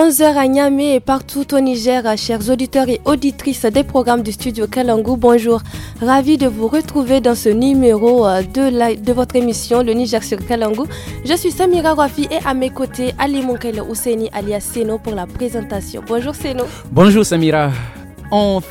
11h à Niamey et partout au Niger, chers auditeurs et auditrices des programmes du studio Kalangu, bonjour. Ravi de vous retrouver dans ce numéro euh, de, votre émission Le Niger sur Kalangu. Je suis Samira Rafi et à mes côtés Ali monkel Ouseni alias Seno pour la présentation. Bonjour Seno. Bonjour Samira. On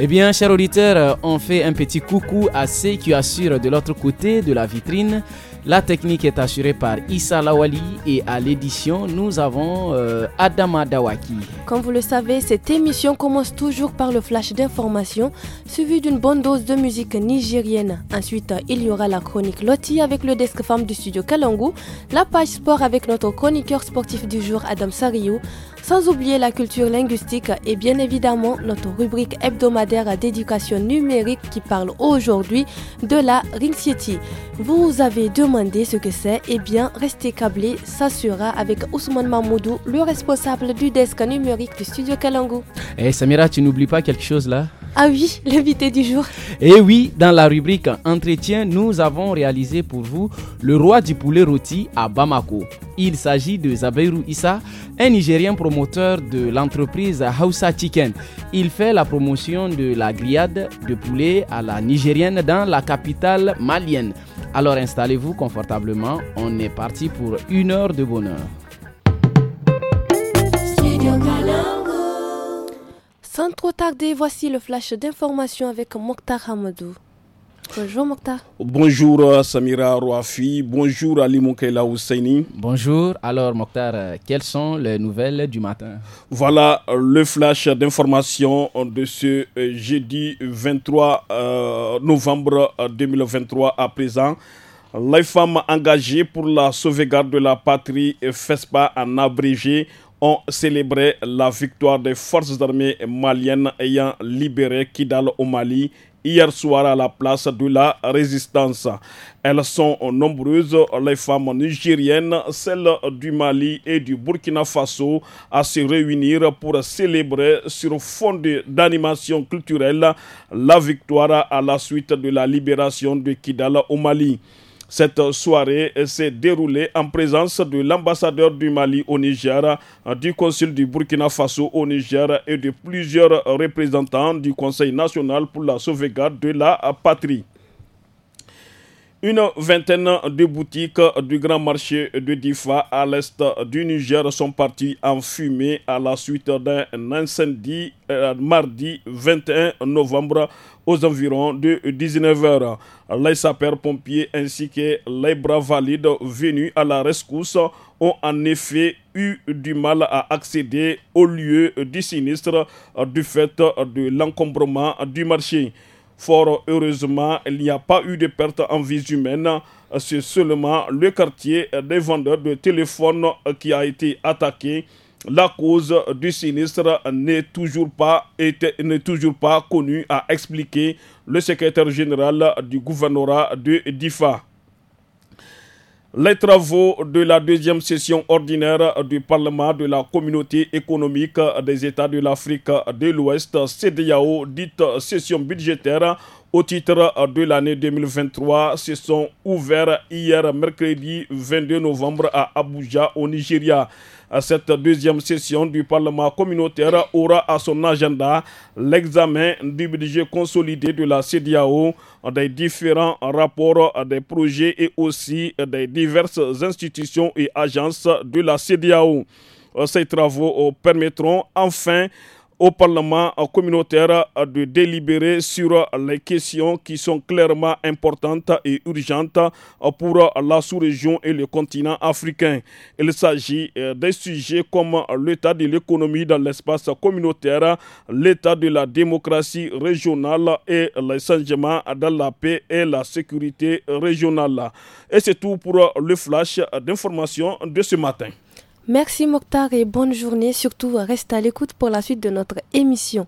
eh bien, chers auditeurs, on fait un petit coucou à ceux qui assurent de l'autre côté de la vitrine. La technique est assurée par Issa Lawali et à l'édition, nous avons euh, Adama Dawaki. Comme vous le savez, cette émission commence toujours par le flash d'information suivi d'une bonne dose de musique nigérienne. Ensuite, il y aura la chronique Loti avec le desk femme du studio Kalangu, la page sport avec notre chroniqueur sportif du jour Adam Sariou. Sans oublier la culture linguistique et bien évidemment notre rubrique hebdomadaire d'éducation numérique qui parle aujourd'hui de la Ring City. Vous avez demandé ce que c'est, eh bien restez câblés, ça sera avec Ousmane Mamoudou, le responsable du desk numérique du studio Kalango. Eh Samira, tu n'oublies pas quelque chose là ah oui, l'invité du jour. Et eh oui, dans la rubrique Entretien, nous avons réalisé pour vous le roi du poulet rôti à Bamako. Il s'agit de Zabeiru Issa, un Nigérien promoteur de l'entreprise Hausa Chicken. Il fait la promotion de la grillade de poulet à la nigérienne dans la capitale malienne. Alors installez-vous confortablement, on est parti pour une heure de bonheur. Sans trop tarder, voici le flash d'information avec Mokhtar Hamadou. Bonjour Mokhtar. Bonjour euh, Samira Rouafi, bonjour Ali Moukela Ousseini. Bonjour, alors Mokhtar, euh, quelles sont les nouvelles du matin Voilà euh, le flash d'information de ce jeudi 23 novembre 2023 à présent. Les femmes engagées pour la sauvegarde de la patrie, FESPA en abrégé, ont célébré la victoire des forces armées maliennes ayant libéré Kidal au Mali hier soir à la place de la résistance. Elles sont nombreuses, les femmes nigériennes, celles du Mali et du Burkina Faso, à se réunir pour célébrer sur fond d'animation culturelle la victoire à la suite de la libération de Kidal au Mali. Cette soirée s'est déroulée en présence de l'ambassadeur du Mali au Niger, du consul du Burkina Faso au Niger et de plusieurs représentants du Conseil national pour la sauvegarde de la patrie. Une vingtaine de boutiques du grand marché de Difa à l'est du Niger sont parties en fumée à la suite d'un incendie euh, mardi 21 novembre aux environs de 19h. Les sapeurs-pompiers ainsi que les bras valides venus à la rescousse ont en effet eu du mal à accéder au lieu du sinistre du fait de l'encombrement du marché. Fort heureusement, il n'y a pas eu de perte en vie humaine. C'est seulement le quartier des vendeurs de téléphones qui a été attaqué. La cause du sinistre n'est toujours pas, n'est toujours pas connue, a expliqué le secrétaire général du gouvernorat de DIFA. Les travaux de la deuxième session ordinaire du Parlement de la Communauté économique des États de l'Afrique de l'Ouest, CDAO, dite session budgétaire, au titre de l'année 2023 se sont ouverts hier mercredi 22 novembre à Abuja, au Nigeria cette deuxième session du Parlement communautaire aura à son agenda l'examen du budget consolidé de la CDAO, des différents rapports des projets et aussi des diverses institutions et agences de la CDAO. Ces travaux permettront enfin au Parlement communautaire de délibérer sur les questions qui sont clairement importantes et urgentes pour la sous-région et le continent africain. Il s'agit euh, des sujets comme l'état de l'économie dans l'espace communautaire, l'état de la démocratie régionale et les dans la paix et la sécurité régionale. Et c'est tout pour le flash d'information de ce matin. Merci Mokhtar et bonne journée. Surtout, reste à l'écoute pour la suite de notre émission.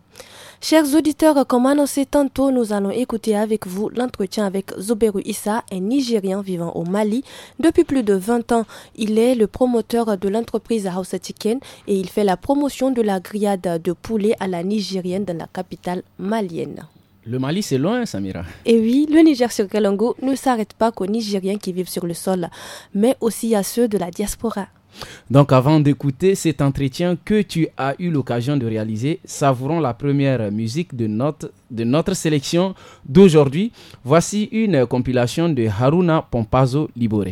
Chers auditeurs, comme annoncé tantôt, nous allons écouter avec vous l'entretien avec Zoberu Issa, un Nigérien vivant au Mali. Depuis plus de 20 ans, il est le promoteur de l'entreprise House Chicken et il fait la promotion de la grillade de poulet à la nigérienne dans la capitale malienne. Le Mali, c'est loin, Samira. Et oui, le Niger sur Kalango ne s'arrête pas qu'aux Nigériens qui vivent sur le sol, mais aussi à ceux de la diaspora. Donc avant d'écouter cet entretien que tu as eu l'occasion de réaliser, savourons la première musique de notre, de notre sélection d'aujourd'hui. Voici une compilation de Haruna Pompazo Libore.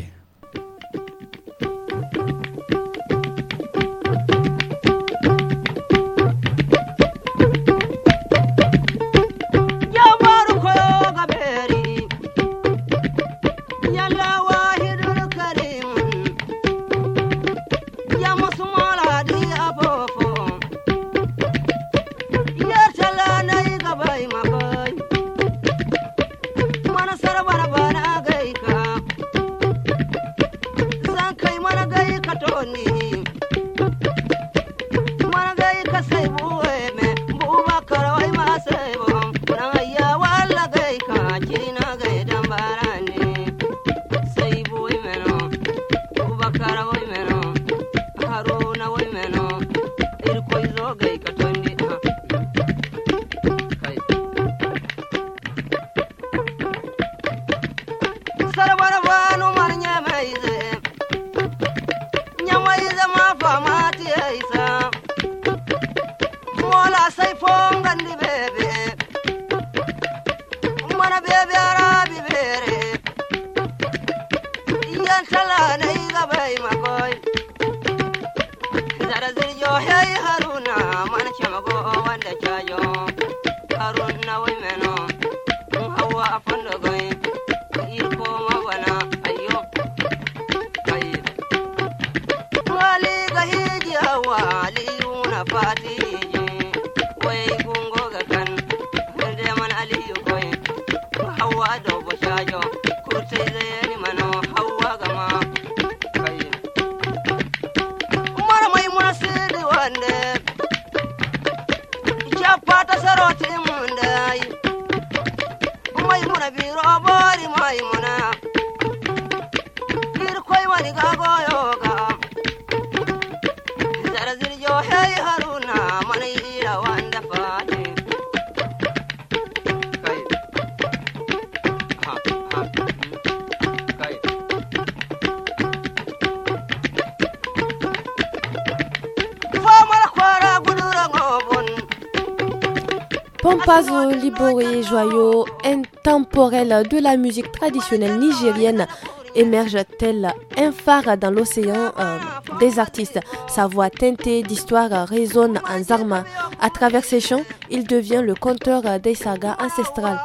Pompazo, Liboré, joyaux, intemporel de la musique traditionnelle nigérienne émerge-t-elle un phare dans l'océan euh, des artistes. Sa voix teintée d'histoire résonne en Zarma. À travers ses chants, il devient le conteur des sagas ancestrales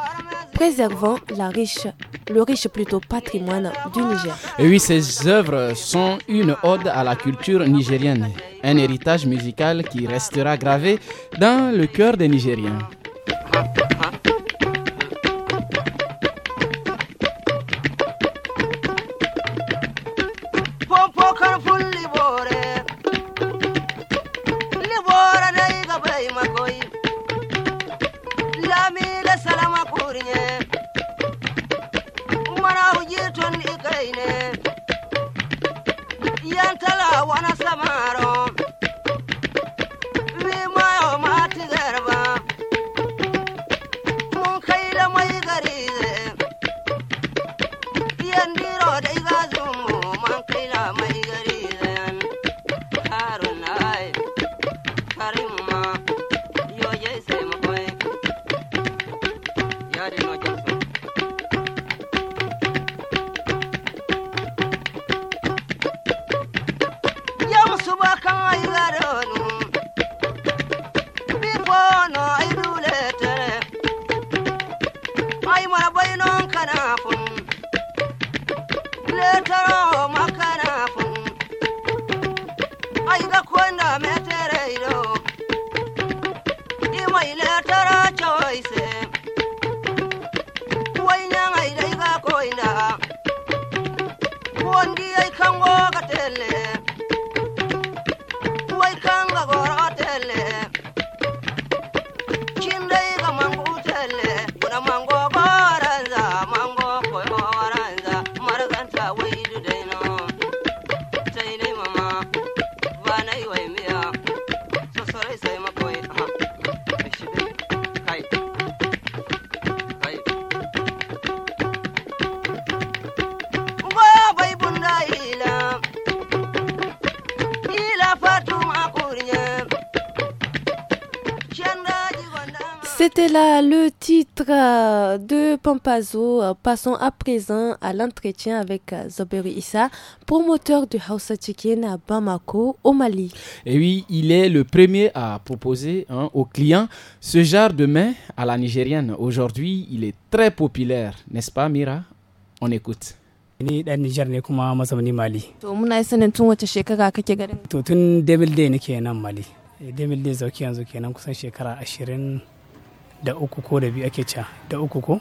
préservant la riche, le riche plutôt patrimoine du Niger. Et oui, ses œuvres sont une ode à la culture nigérienne, un héritage musical qui restera gravé dans le cœur des Nigériens. titre de Pampazo, passons à présent à l'entretien avec euh, Zoberi Issa, promoteur du House Chicken à Bamako, au Mali. Et eh oui, il est le premier à proposer hein, aux clients ce genre de main à la nigérienne. Aujourd'hui, il est très populaire, n'est-ce pas, Mira On écoute. ni dan Nijar ne kuma mazauni Mali. To muna sanin tun wace shekara kake garin? To tun day nake nan Mali. Eh, day zauki yanzu kenan kusan shekara ashirin da uku ko da biyu ake ca da uku ko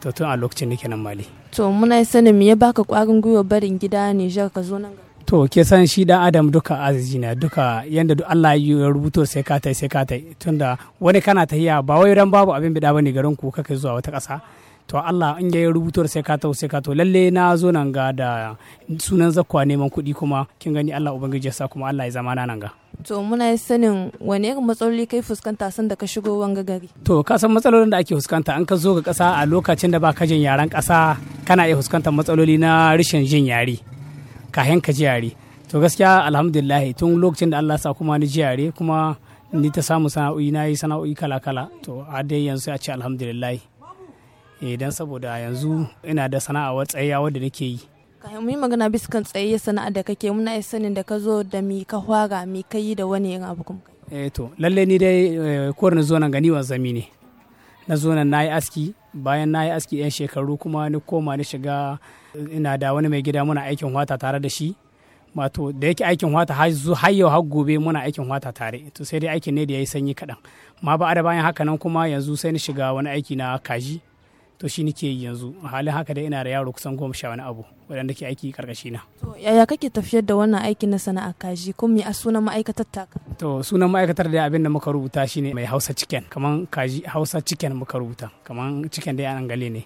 to tun a lokacin nake nan mali to muna sanin me ya baka kwarin gwiwa barin gida ne jar ka zo nan to ke san shi dan adam duka arziki na duka yanda duk Allah ya rubuto sai ka tai sai ka tai tunda wani kana tahiya ba wai ran babu abin bida bane garin ku kake zuwa wata kasa. to Allah in ya rubuto sai ka tau sai ka to lalle na zo nan ga da sunan zakwa neman kuɗi kuma kin gani Allah ubangiji ya sa kuma Allah ya zama nan ga To muna sanin wane irin matsaloli kai fuskanta san da ka shigo wanga gari? To ka san matsalolin da ake fuskanta an ka zo ga ƙasa a lokacin da ba ka jin yaren ƙasa kana iya fuskantar matsaloli na rashin jin yare kayan ka ji yare. To gaskiya alhamdulillah tun lokacin da Allah sa kuma ni ji yare kuma ni ta samu sana'o'i na yi sana'o'i kala kala to a dai yanzu a ce alhamdulillah. Idan eh, saboda yanzu ina da sana'a tsayawa da nake yi. Kayan mu yi magana biskan tsaye sana'a da kake muna yi sanin da ka zo da mi ka hwaga mi ka yi da wani yin abu kuma. Eh to lalle ni dai eh, kowane zo nan gani wanzami ne. Na zo nan na yi aski bayan na yi aski 'yan shekaru kuma ni koma ni shiga ina da wani mai gida muna aikin wata tare da shi wato da yake aikin wata har yau har gobe muna aikin wata tare to sai dai aikin ne da ya yi sanyi kaɗan ma ba da bayan haka nan kuma yanzu sai ni shiga wani aiki na kaji to shi nake yi yanzu a halin haka da ina da yaro kusan goma sha wani abu waɗanda ke aiki karkashi na. to yaya kake tafiyar da wannan aikin na sana'a kaji ko me a sunan ma'aikatar taka. to sunan ma'aikatar da abin da muka rubuta shine mai hausa chicken kaman kaji hausa chicken muka rubuta kaman chicken da yanan gale ne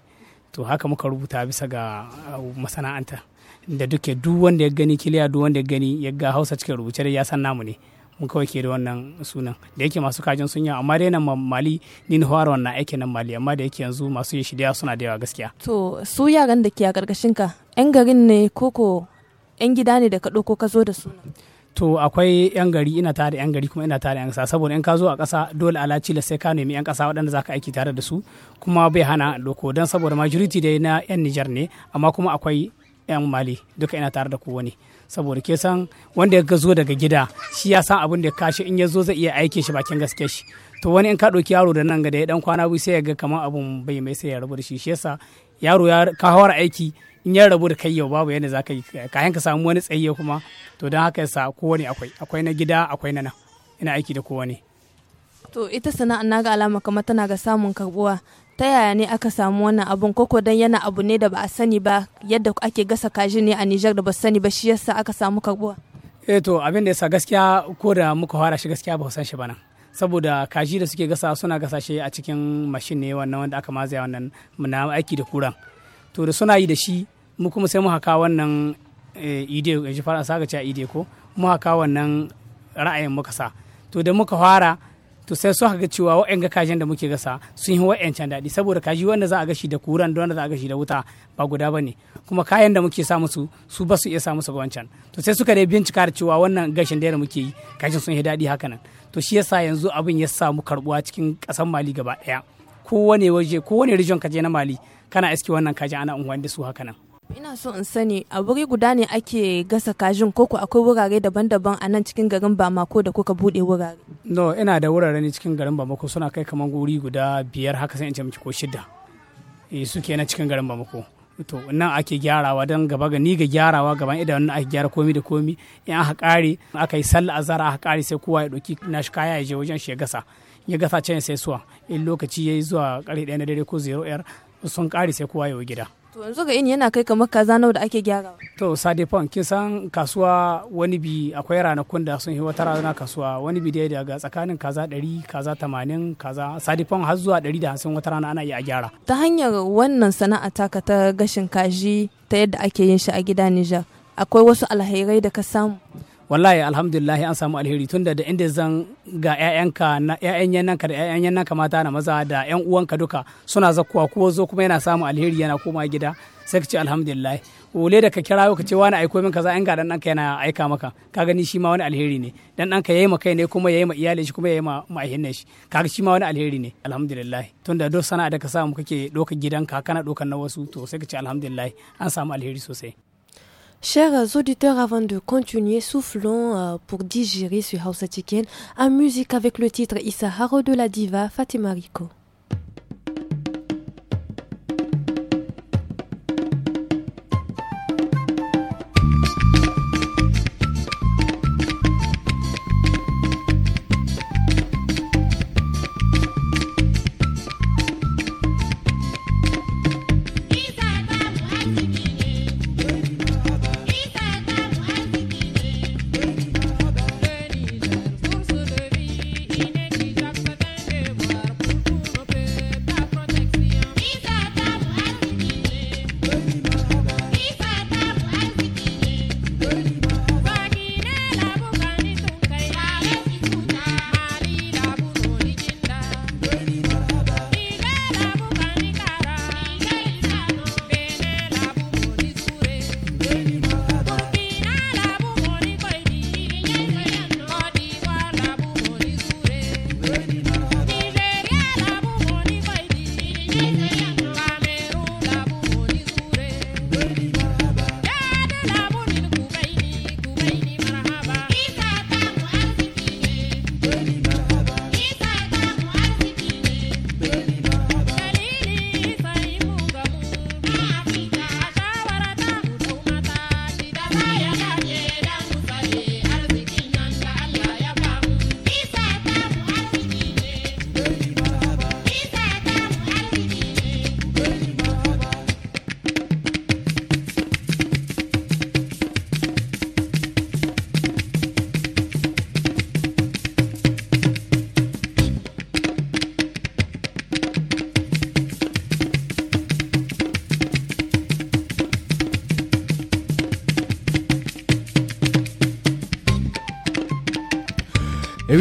to haka muka rubuta bisa ga uh, masana'anta da duke duk wanda ya gani kiliya duk wanda ya gani ya ga hausa cikin rubuce da ya san namu ne. mu kawai ke da wannan sunan da yake masu kajin sunya amma dai nan mali ni na fara wannan aiki nan mali amma da yake yanzu masu yi shidiya suna da yawa gaskiya to su yaran da ke a karkashin ka yan garin ne koko yan gida ne da ka ɗauko ka zo da su to akwai yan gari ina tare yan gari kuma ina tare yan ƙasa saboda in ka zo a ƙasa dole alaci la sai ka nemi yan ƙasa waɗanda za ka aiki tare da su kuma bai hana doko don saboda majority dai na yan Nijar ne amma kuma akwai yan Mali duka ina tare da kowane saboda ke san wanda ya zo daga gida shi ya san abin da ya kashe in ya zo zai iya aike shi bakin gaske shi to wani in ka ɗauki yaro da nan ga da ya ɗan kwana biyu sai ya ga kamar abun bai mai sai ya rabu da shi shi yasa yaro ya kawo aiki in ya rabu da kai yau babu yadda za ka yi kayan ka samu wani tsayi kuma to don haka yasa kowane akwai akwai na gida akwai na nan ina aiki da kowane to ita sana'a na ga alama kamar tana ga samun karbuwa ta yaya ne aka samu wannan abun koko dan yana abu ne da ba a sani ba yadda ake gasa kaji ne a Niger da ba sani ba shi yasa aka samu karbuwa eh to abin da yasa gaskiya ko da muka fara shi gaskiya ba san shi ba nan saboda kaji da suke gasa suna gasa shi a cikin mashin ne wannan wanda aka mazaya wannan muna aiki da kuran to da suna yi da shi mu kuma sai mu haka wannan eh, ide shi fara saka ide ko mu haka wannan ra'ayin muka sa to da muka fara to sai su ga cewa ga kajin da muke gasa sun yi wa'ancan daɗi saboda kaji wanda za a gashi da kuran da wanda za a gashi da wuta ba guda ba ne kuma kayan da muke sa musu su ba su iya sa musu ga wancan to sai suka dai bincika da cewa wannan gashin da muke yi kajin sun yi daɗi haka nan to shi yasa yanzu abin ya samu karbuwa cikin ƙasar mali gaba ɗaya kowane waje kowane region kaje na mali kana iski wannan kajin ana unguwan da su haka nan ina so in sani a wuri guda ne ake gasa kajin koko akwai wurare daban-daban a nan cikin garin bamako da kuka bude wurare no ina da wurare ne cikin garin bamako suna kai kamar guri guda biyar haka sai in ce miki ko shida e eh, suke na cikin garin bamako to nan ake gyarawa don gaba ga ni ga gyarawa gaban idan wannan ake gyara komi da komi in aka kare aka yi sallah azara aka kare sai kowa ya dauki nashi kaya ya je wajen shi ya gasa ya gasa can sai suwa in lokaci ya zuwa kare ɗaya na dare ko zero sun kare sai kowa ya yi gida To yanzu ga ini yana kai kamar kaza nawa da ake gyara. To sadefan kin san kasuwa wani bi akwai ranakun da sun yi wata rana kasuwa wani bi dai daga tsakanin kaza 100 kaza tamanin kaza sadefan har zuwa 150 da wata rana ana iya a gyara. Ta hanyar wannan sana'a taka ta gashin kaji ta yadda ake yin shi a gida Nijar akwai wasu alherai da ka samu. wallahi alhamdulillah an samu alheri tunda da inda zan ga ƴaƴanka na ƴaƴan yannanka da ƴaƴan yannanka mata na maza da 'yan uwanka duka suna zakkuwa ko zo kuma yana samu alheri yana koma gida sai ka ce alhamdulillah ole da ka kira ka ce wani aiko min kaza in ga dan ɗanka yana aika maka ka gani shi ma wani alheri ne dan ɗanka ya yi ma kai ne kuma ya yi ma iyali shi kuma ya yi ma ma'ahin shi ga shi ma wani alheri ne alhamdulillah tunda duk sana'a da ka samu kake ɗaukar gidanka kana ɗaukar na wasu to sai ka ce alhamdulillah an samu alheri sosai Chers auditeurs, avant de continuer, soufflons euh, pour digérer ce House Chicken à musique avec le titre Isaharo de la diva Fatima Rico.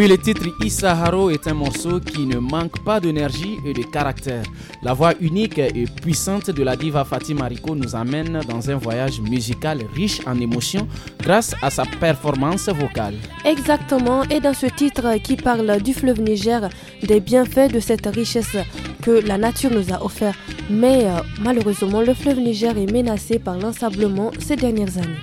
le titre Isaharo » est un morceau qui ne manque pas d'énergie et de caractère. La voix unique et puissante de la diva Fatima Rico nous amène dans un voyage musical riche en émotions grâce à sa performance vocale. Exactement, et dans ce titre qui parle du fleuve Niger, des bienfaits de cette richesse que la nature nous a offert. Mais euh, malheureusement, le fleuve Niger est menacé par l'ensablement ces dernières années.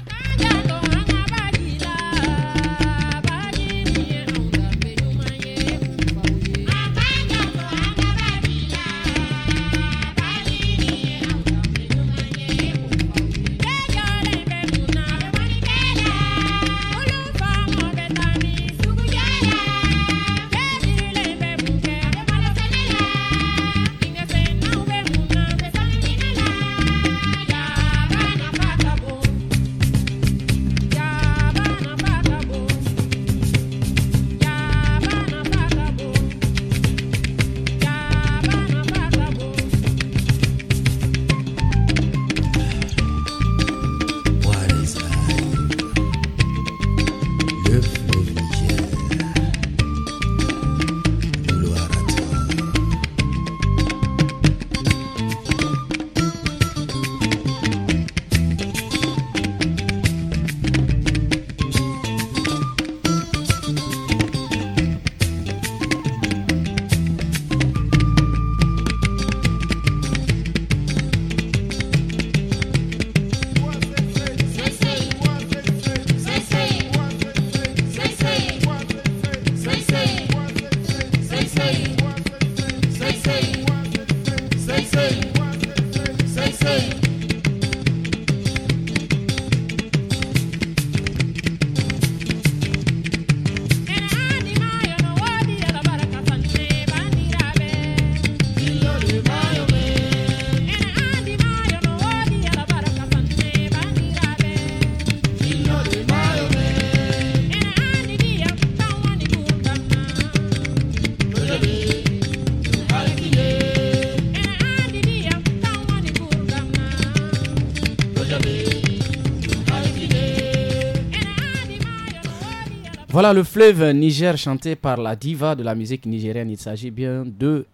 Voilà le fleuve Niger chanté par la diva de la musique nigérienne. Il s'agit bien de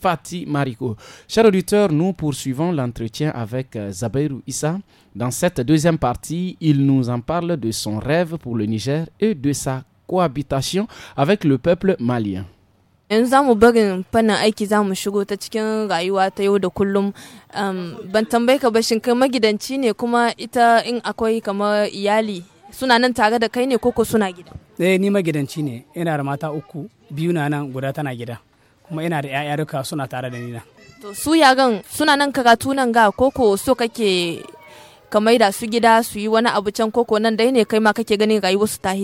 Fatih Mariko. Chers auditeurs, nous poursuivons l'entretien avec euh, Zabeirou Issa. Dans cette deuxième partie, il nous en parle de son rêve pour le Niger et de sa cohabitation avec le peuple malien. aiki cikin rayuwa ta yau da kullum ban suna nan tare da kai ne koko suna gida eh ni magidanci ne ina da mata uku biyu na nan guda tana gida kuma ina da 'ya'ya duka suna tare da ni na to su yaran suna nan karatu nan ga koko so kake ka da su gida su yi wani abu can koko nan dai ne kai ma kake ganin rayuwar su ta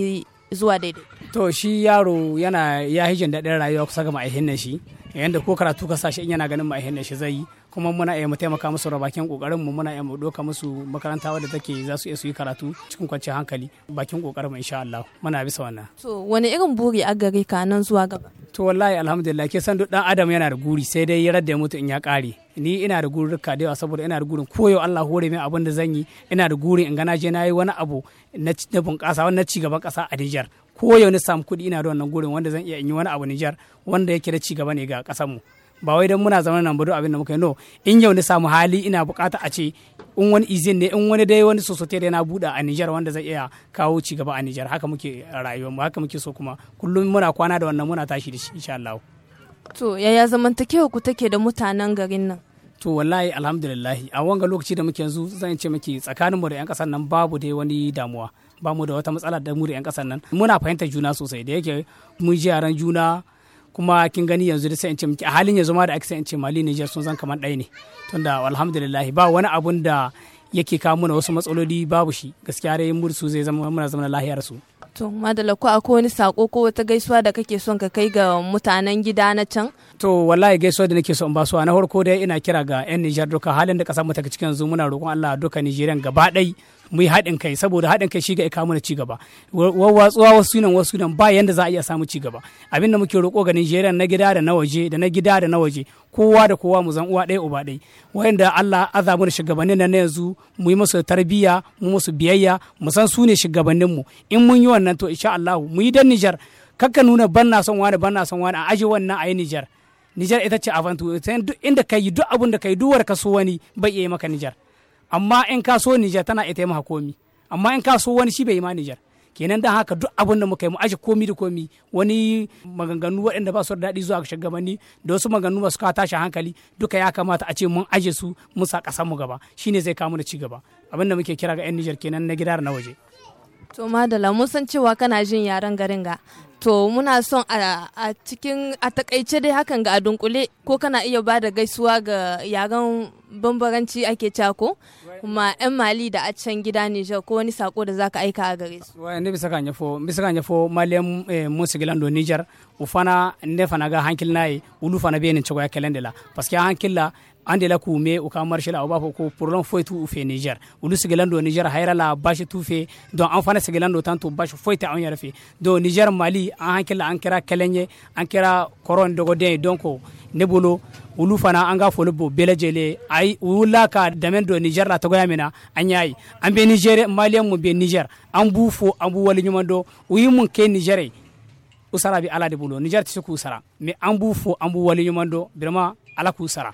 zuwa daidai to shi yaro yana ya hijin daɗin rayuwa kusa ga ma'aihin shi yanda ko karatu ka sa shi in yana ganin ma'aihin shi zai yi kuma muna iya mu taimaka musu da bakin kokarin mu muna iya mu doka musu makaranta wadda take za su iya su yi karatu cikin kwanciyar hankali bakin kokarin mu insha Allah muna bisa wannan to wani irin buri a gare ka nan zuwa gaba to wallahi alhamdulillah ke san duk dan adam yana da guri sai dai ya radda mutu in ya kare ni ina da gurin rika da yawa saboda ina da gurin koyo Allah hore min abin da zan yi ina da gurin in ga na je nayi yi wani abu na bunƙasa wani ci gaban ƙasa a Nijar ko yau na samu kuɗi ina da wannan gurin wanda zan iya in yi wani abu Nijar wanda yake da ci gaba ne ga ƙasar mu ba wai don muna zama nan ba abin da muka yi no in yau na samu hali ina bukata a ce in wani izin ne in wani dai wani sosote dai na buɗe a Nijar wanda zai iya kawo ci gaba a Nijar haka muke rayuwar mu haka muke so kuma kullum muna kwana da wannan muna tashi da shi insha Allah to yaya zamantakewa ku take da mutanen garin nan to wallahi alhamdulillah a wanga lokaci da muke yanzu zan ce miki tsakanin mu da yan kasar nan babu dai wani damuwa ba mu da wata matsala da mu da yan kasar nan muna fahimtar juna sosai da yake mun ji yaran juna kuma kin gani yanzu da sai in ce miki a halin yanzu ma da ake sai in ce Mali Niger sun zan kamar ɗaya ne tunda alhamdulillah ba wani abun da yake kawo mana wasu matsaloli babu shi gaskiya dai mursu zai zama muna zama lahiyar su to madalla ko akwai wani sako ko wata gaisuwa da kake son ka kai ga mutanen gida na can to wallahi gaisuwa da nake so in ba su na farko dai ina kira ga yan Nijar duka halin da kasar mu take cikin yanzu muna roƙon Allah duka Nijeriya gaba ɗaya mu yi haɗin kai saboda haɗin kai shi ga ikamu mana cigaba wawwatsuwa wasu nan wasu nan ba yanda za a iya samu cigaba abin da muke roƙo ga Nijeriya na gida da na waje da na gida da na waje kowa da kowa mu zan uwa ɗaya uba ɗaya wayanda Allah azabu da shugabannin nan na yanzu mu yi musu tarbiyya mu musu biyayya mu san su ne shugabannin mu in mun yi wannan to insha Allah mu yi dan Nijar kakka nuna ban na son wani ban na son wani a aje wannan a yi Nijar Nijar ita ce avantu inda ka yi duk abin da ka yi duwar ka so wani bai iya maka Nijar amma in ka so Nijar tana ita yi komi amma in ka so wani shi bai ma Nijar kenan da haka duk abin da muka yi mu aje komi da komi wani maganganu waɗanda ba su da daɗi zuwa shugabanni da wasu maganganu masu ka tashi hankali duka ya kamata a ce mun aje su mu sa ƙasar mu gaba shine zai kawo mu da ci gaba abin muke kira ga 'yan Nijar kenan na gida na waje. To Madala mun san cewa kana jin yaren garin ga To muna son a cikin a takaice dai hakan ga a dunkule ko kana iya ba da gaisuwa ga yaren bambaranci ake cako kuma 'yan mali da a can gida Nijar ko wani sako da zaka aika a gare su. Wa ne bisa kanya fo bisa kanya fo maliyan eh, musu gilando Nijar ufana ne fana ga hankil nayi ulu fana be ne cewa ya la paske hankil la an de la k'u mɛn o ka marché la o b'a fɔ ko problème foyi t'u fɛ niger olu sigilen don niger hayira la basi t'u fɛ donc an fana sigilen don tantôt to basi foyi tɛ an yɛrɛ fɛ donc niger mali an hakili an kɛra kɛlɛn ye an kɛra kɔrɔ dɔgɔden ye donc ne bolo olu fana an ka foli b'o bɛɛ lajɛlen ayi u wulila ka dɛmɛ don niger la cogoya min na an y'a ye an bɛ niger maliyɛn mun bɛ niger an b'u fo an b'u waleɲuman dɔn u ye mun kɛ niger ye u sara bɛ ala de bolo niger tɛ se k'u sara mɛ an b'u fo an b'u waleɲuman dɔn vraiment ala k'u sara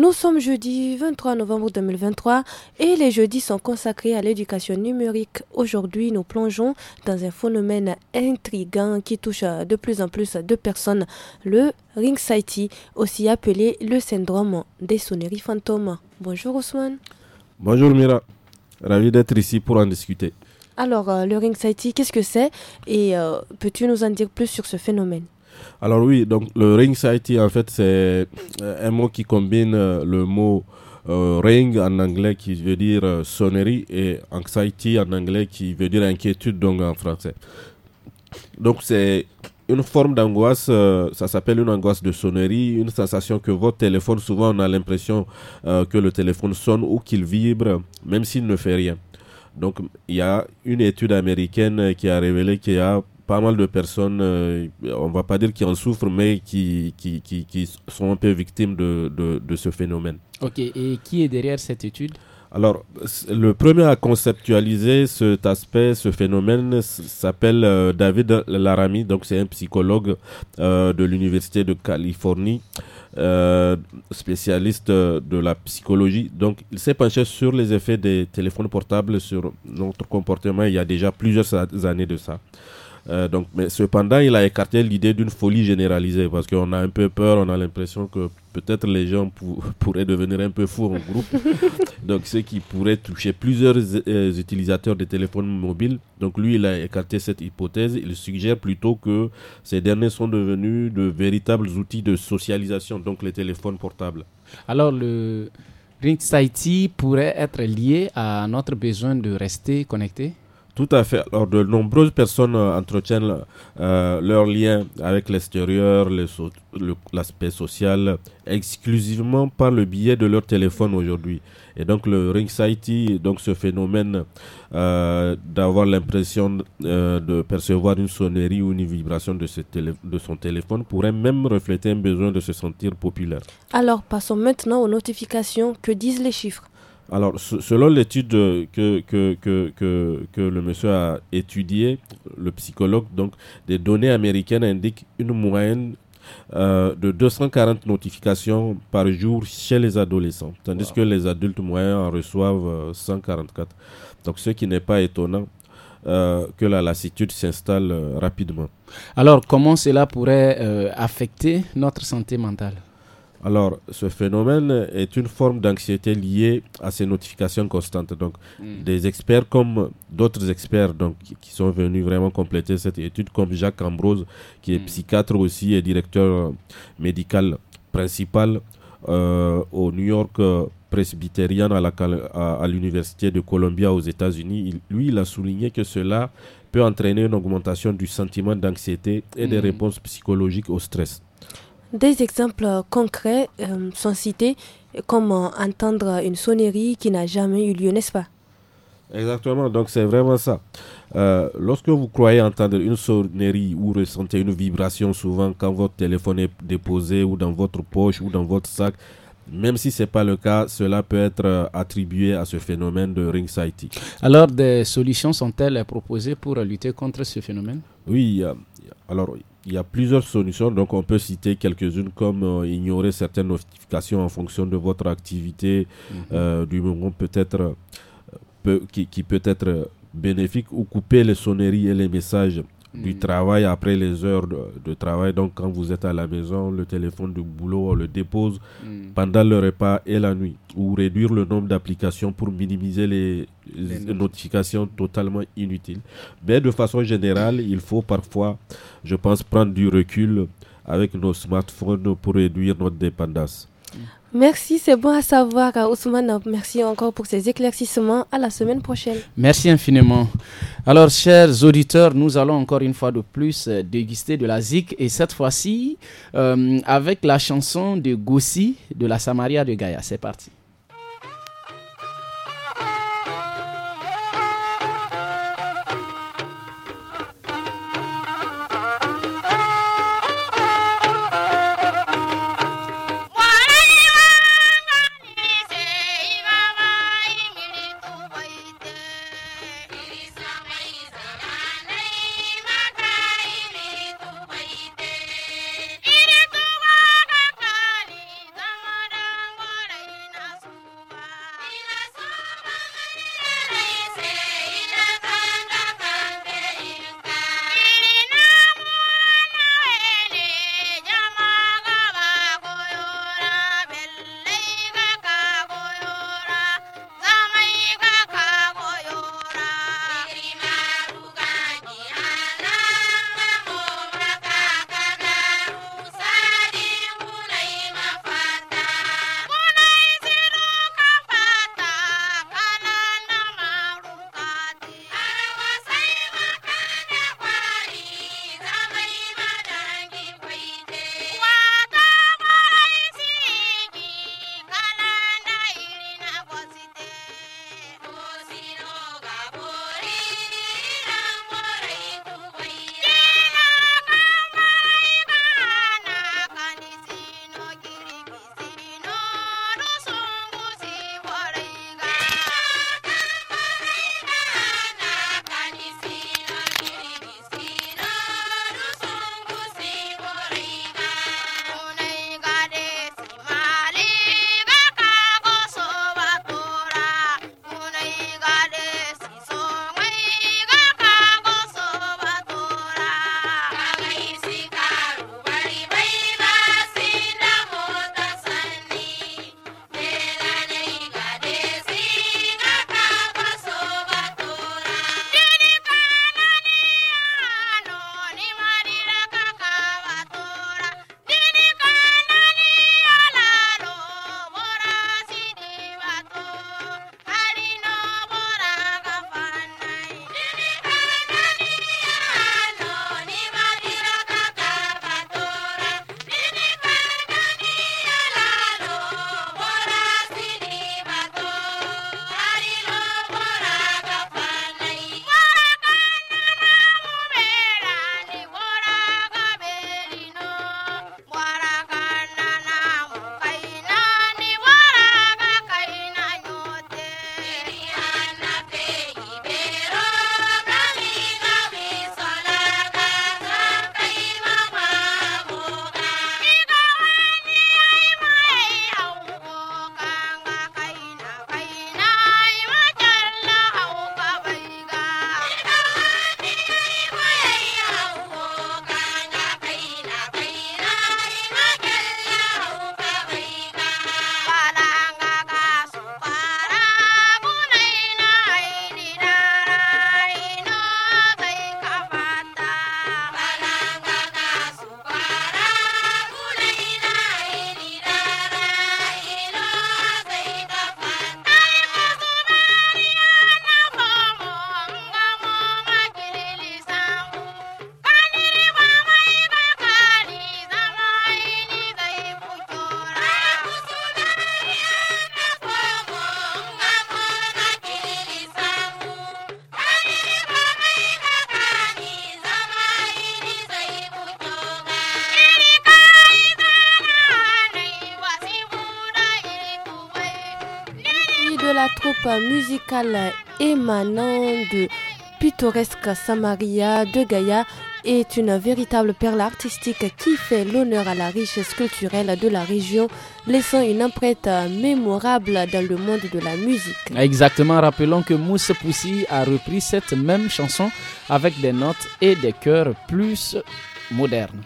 Nous sommes jeudi 23 novembre 2023 et les jeudis sont consacrés à l'éducation numérique. Aujourd'hui, nous plongeons dans un phénomène intrigant qui touche de plus en plus de personnes, le ringsighty, aussi appelé le syndrome des sonneries fantômes. Bonjour Ousmane. Bonjour Mira. Ravi d'être ici pour en discuter. Alors, euh, le ringsighty, qu'est-ce que c'est et euh, peux-tu nous en dire plus sur ce phénomène alors oui, donc le ring society, en fait, c'est euh, un mot qui combine euh, le mot euh, ring en anglais qui veut dire sonnerie et anxiety en anglais qui veut dire inquiétude donc en français. Donc c'est une forme d'angoisse, ça s'appelle une angoisse de sonnerie, une sensation que votre téléphone, souvent on a l'impression que le téléphone sonne ou qu'il vibre, même s'il ne fait rien. Donc il y a une étude américaine qui a révélé qu'il y a pas mal de personnes, on euh, on va pas dire qui en souffrent, mais qui, qui, qui, sont un peu victimes de, de, ce phénomène. Ok, et qui est derrière cette étude alors, le premier à conceptualiser cet aspect, ce phénomène, s'appelle euh, David Laramie, donc c'est un psychologue euh, de l'Université de Californie, spécialiste de la psychologie. Donc, il s'est penché sur les effets des téléphones portables sur notre comportement il y a déjà plusieurs années de ça. Euh, donc, mais cependant, il a écarté l'idée d'une folie généralisée parce qu'on a un peu peur, on a l'impression que peut-être les gens pourraient devenir un peu fous en groupe. donc, ce qui pourrait toucher plusieurs euh, utilisateurs de téléphones mobiles. Donc, lui, il a écarté cette hypothèse. Il suggère plutôt que ces derniers sont devenus de véritables outils de socialisation, donc les téléphones portables. Alors, le Ring pourrait être lié à notre besoin de rester connecté tout à fait. Alors, de nombreuses personnes euh, entretiennent euh, leurs liens lien avec l'extérieur, l'aspect social, exclusivement par le biais de leur téléphone aujourd'hui. Et donc, le ringsighty, donc ce phénomène euh, d'avoir l'impression de percevoir une sonnerie ou une vibration de son téléphone, pourrait même refléter un besoin de se sentir populaire. Alors, passons maintenant aux notifications. Que disent les chiffres alors, selon l'étude euh, que, le monsieur a étudiée, le psychologue, donc, des données américaines indiquent une moyenne euh, de 240 notifications par jour chez les adolescents, tandis que les adultes moyens en reçoivent 144. Euh, donc, ce qui n'est pas étonnant. que la lassitude s'installe rapidement. Alors, comment cela pourrait affecter notre santé mentale alors, ce phénomène est une forme d'anxiété liée à ces notifications constantes. Donc, hmm. des experts comme d'autres experts donc, qui sont venus vraiment compléter cette étude, comme Jacques Ambrose, qui est hmm. psychiatre aussi et directeur euh, médical principal euh, au New York euh, Presbyterian à, l'Université de Columbia aux États-Unis. lui, il a souligné que cela peut entraîner une augmentation du sentiment d'anxiété et des hmm. réponses psychologiques au stress. Des exemples euh, concrets euh, sont cités, comme euh, entendre une sonnerie qui n'a jamais eu lieu, n'est-ce pas Exactement, donc c'est vraiment ça. lorsque vous croyez entendre une sonnerie ou ressentez une vibration, souvent quand votre téléphone est déposé ou dans votre poche ou dans votre sac, même si ce n'est pas le cas, cela peut être attribué à ce phénomène de ring sighting. Alors, des solutions sont-elles proposées pour lutter contre ce phénomène Oui, alors il y a plusieurs solutions, donc on peut citer quelques-unes comme euh, ignorer certaines notifications en fonction de votre activité, mhm. euh, du moment peut-être euh, qui, qui peut être bénéfique, ou couper les sonneries et les messages du hmm. travail après les heures de, travail. Donc, quand vous êtes à la maison, le téléphone du boulot, on le dépose hmm. pendant le repas et la nuit. Ou réduire le nombre d'applications pour minimiser les notifications totalement inutiles. Mais de façon générale, il faut parfois, je pense, prendre du recul avec nos smartphones pour réduire notre dépendance. Hmm. Merci, c'est bon à savoir, euh, Ousmane. Merci encore pour ces éclaircissements. À la semaine prochaine. Merci infiniment. Alors, chers auditeurs, nous allons encore une fois de plus euh, déguster de la zik et cette fois-ci euh, avec la chanson de Gossi de la Samaria de Gaïa. C'est parti. La émanant de pittoresque Samaria de Gaïa est une véritable perle artistique qui fait l'honneur à la richesse culturelle de la région, laissant une empreinte mémorable dans le monde de la musique. Exactement, rappelons que Mousse Poussy a repris cette même chanson avec des notes et des chœurs plus modernes.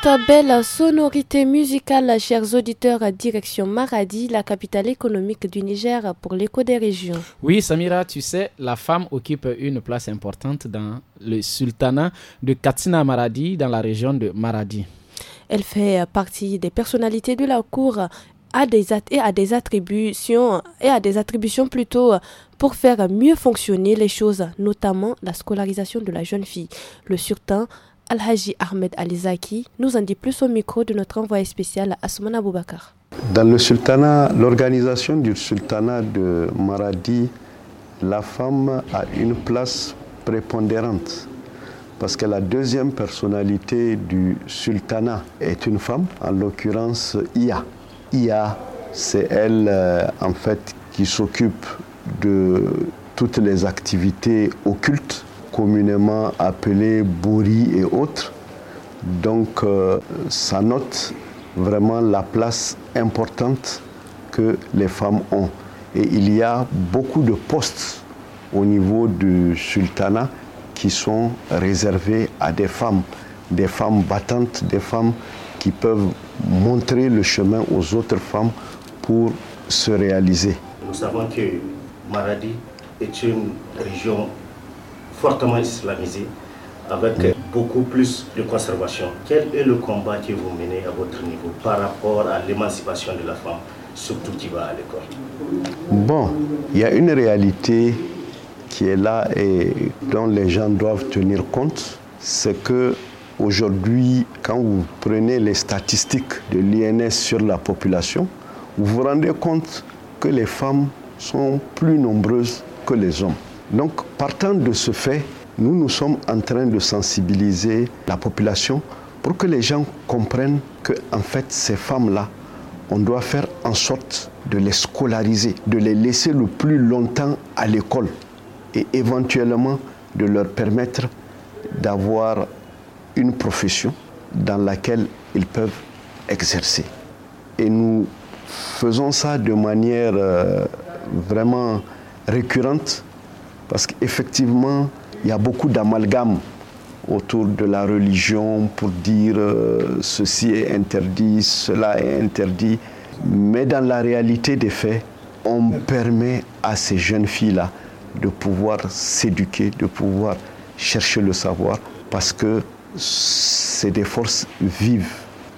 Ta belle sonorité musicale, chers auditeurs, direction Maradi, la capitale économique du Niger pour l'écho des régions. Oui, Samira, tu sais, la femme occupe une place importante dans le sultanat de Katsina Maradi, dans la région de Maradi. Elle fait partie des personnalités de la cour à des et à des attributions et à des attributions plutôt pour faire mieux fonctionner les choses, notamment la scolarisation de la jeune fille. Le sultan Al-Haji Ahmed Alizaki nous en dit plus au micro de notre envoyé spécial Asman Aboubakar. Dans le sultanat, l'organisation du sultanat de Maradi, la femme a une place prépondérante parce que la deuxième personnalité du sultanat est une femme, en l'occurrence Ia. Ia, c'est elle euh, en fait qui s'occupe de toutes les activités occultes communément appelé Bori et autres. Donc euh, ça note vraiment la place importante que les femmes ont. Et il y a beaucoup de postes au niveau du sultanat qui sont réservés à des femmes, des femmes battantes, des femmes qui peuvent montrer le chemin aux autres femmes pour se réaliser. Nous savons que Maradi est une région fortement islamisé, avec mm. beaucoup plus de conservation. Quel est le combat que vous menez à votre niveau par rapport à l'émancipation de la femme, surtout qui va à l'école Bon, il y a une réalité qui est là et dont les gens doivent tenir compte, c'est que aujourd'hui, quand vous prenez les statistiques de l'INS sur la population, vous vous rendez compte que les femmes sont plus nombreuses que les hommes. Donc, partant de ce fait, nous nous sommes en train de sensibiliser la population pour que les gens comprennent que, fait, ces femmes-là, on doit faire en sorte de les scolariser, de les laisser le plus longtemps à l'école et éventuellement de leur permettre d'avoir une profession dans laquelle ils peuvent exercer. Et nous faisons ça de manière euh, vraiment récurrente parce qu'effectivement, il y a beaucoup d'amalgames autour de la religion pour dire euh, ceci est interdit, cela est interdit. Mais dans la réalité des faits, on permet à ces jeunes filles-là de pouvoir s'éduquer, de pouvoir chercher le savoir, parce que c'est des forces vives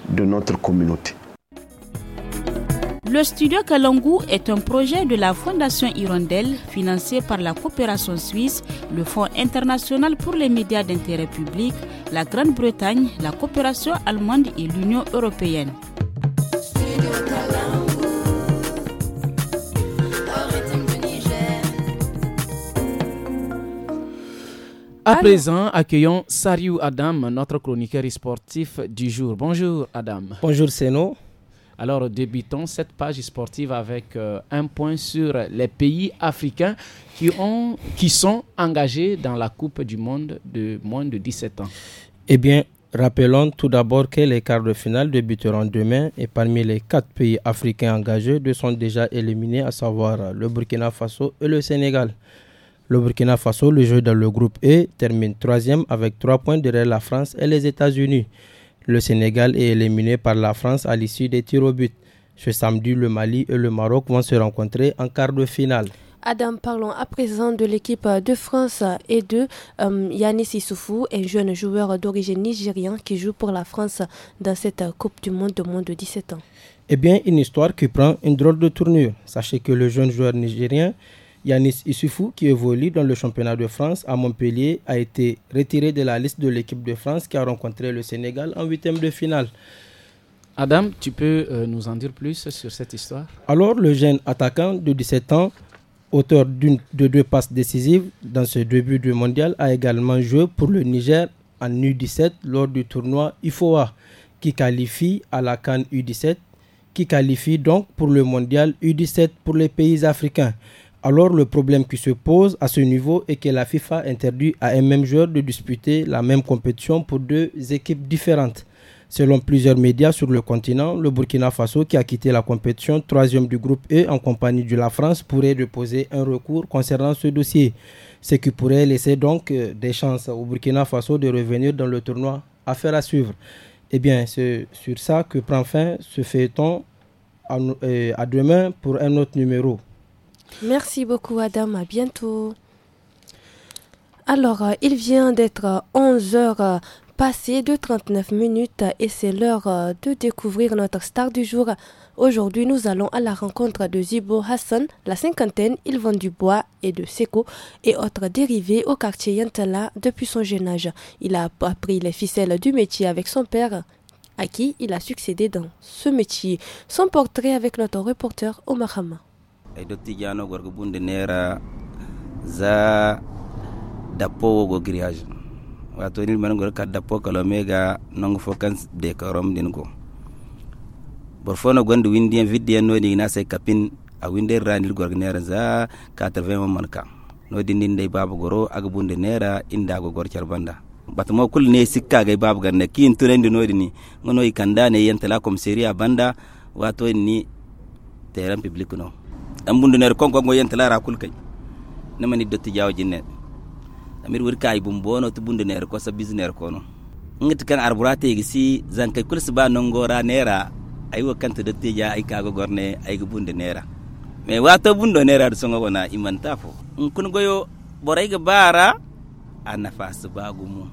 de notre communauté. Le studio Kalangu est un projet de la Fondation Hirondelle financé par la coopération suisse, le Fonds international pour les médias d'intérêt public, la Grande-Bretagne, la coopération allemande et l'Union européenne. À présent, accueillons Sariou Adam, notre chroniqueur sportif du jour. Bonjour Adam. Bonjour Seno. Alors débutons cette page sportive avec euh, un point sur les pays africains qui, ont, qui sont engagés dans la Coupe du Monde de moins de 17 ans. Eh bien, Rappelons tout d'abord que les quarts de finale débuteront demain et parmi les quatre pays africains engagés, deux sont déjà éliminés, à savoir le Burkina Faso et le Sénégal. Le Burkina Faso, le jeu dans le groupe E, termine troisième avec trois points derrière la France et les États-Unis. Le Sénégal est éliminé par la France à l'issue des tirs au but. Ce samedi, le Mali et le Maroc vont se rencontrer en quart de finale. Adam, parlons à présent de l'équipe de France et de euh, Yannis Issoufou, un jeune joueur d'origine nigérien qui joue pour la France dans cette Coupe du Monde de moins de 17 ans. Eh bien, une histoire qui prend une drôle de tournure. Sachez que le jeune joueur nigérien Yanis Issoufou, qui évolue dans le championnat de France à Montpellier, a été retiré de la liste de l'équipe de France qui a rencontré le Sénégal en huitième de finale. Adam, tu peux euh, nous en dire plus sur cette histoire Alors, le jeune attaquant de 17 ans, auteur de deux passes décisives dans ce début du mondial, a également joué pour le Niger en U17 lors du tournoi IFOA, qui qualifie à la Cannes U17, qui qualifie donc pour le mondial U17 pour les pays africains. Alors le problème qui se pose à ce niveau est que la FIFA interdit à un même joueur de disputer la même compétition pour deux équipes différentes. Selon plusieurs médias sur le continent, le Burkina Faso, qui a quitté la compétition troisième du groupe E en compagnie de la France, pourrait déposer un recours concernant ce dossier, ce qui pourrait laisser donc euh, des chances au Burkina Faso de revenir dans le tournoi. à faire à suivre. Eh bien, c'est sur ça que prend fin ce feuilleton euh, à demain pour un autre numéro. Merci beaucoup Adam, à bientôt. Alors, euh, il vient d'être 11 euh, heures euh, passées de 39 minutes et c'est l'heure de découvrir notre star du jour. Aujourd'hui, nous allons à la rencontre de Zibo Hassan, la cinquantaine, il vend du bois et de seco et autres dérivés au quartier Yantala depuis son jeune âge. Il a appris les ficelles du métier avec son père à qui il a succédé dans ce métier. Son portrait avec notre reporter Omar e dottijano gorgo bunde nera za dappowo go grillage wato ni man gor ka dappo kala mega nongo fokan de karom din ko bor fo no gonde windi en vidde en nodi na se kapin a winde ranil gorgo nera za 80 man ka nodi nin de baba goro aga bunde nera inda go gor charbanda mo kul ne sikka ga babu ganna kin turendi nodi ni ngono ikanda ne yentala kom seri banda wato ni teran public no dan bundu ner kon kon yenta lara kulkai namani dotti jawo jinne amir wir kay bum bono to bundu ner ko sa bizner ko no ngit kan arburate si zankay kulsi ba nongora nera ay wo kanta dotti ja ay kago gorne ay go bundu nera me wato bundo nera do songo na imanta fo kun goyo boray ga bara anafas gumu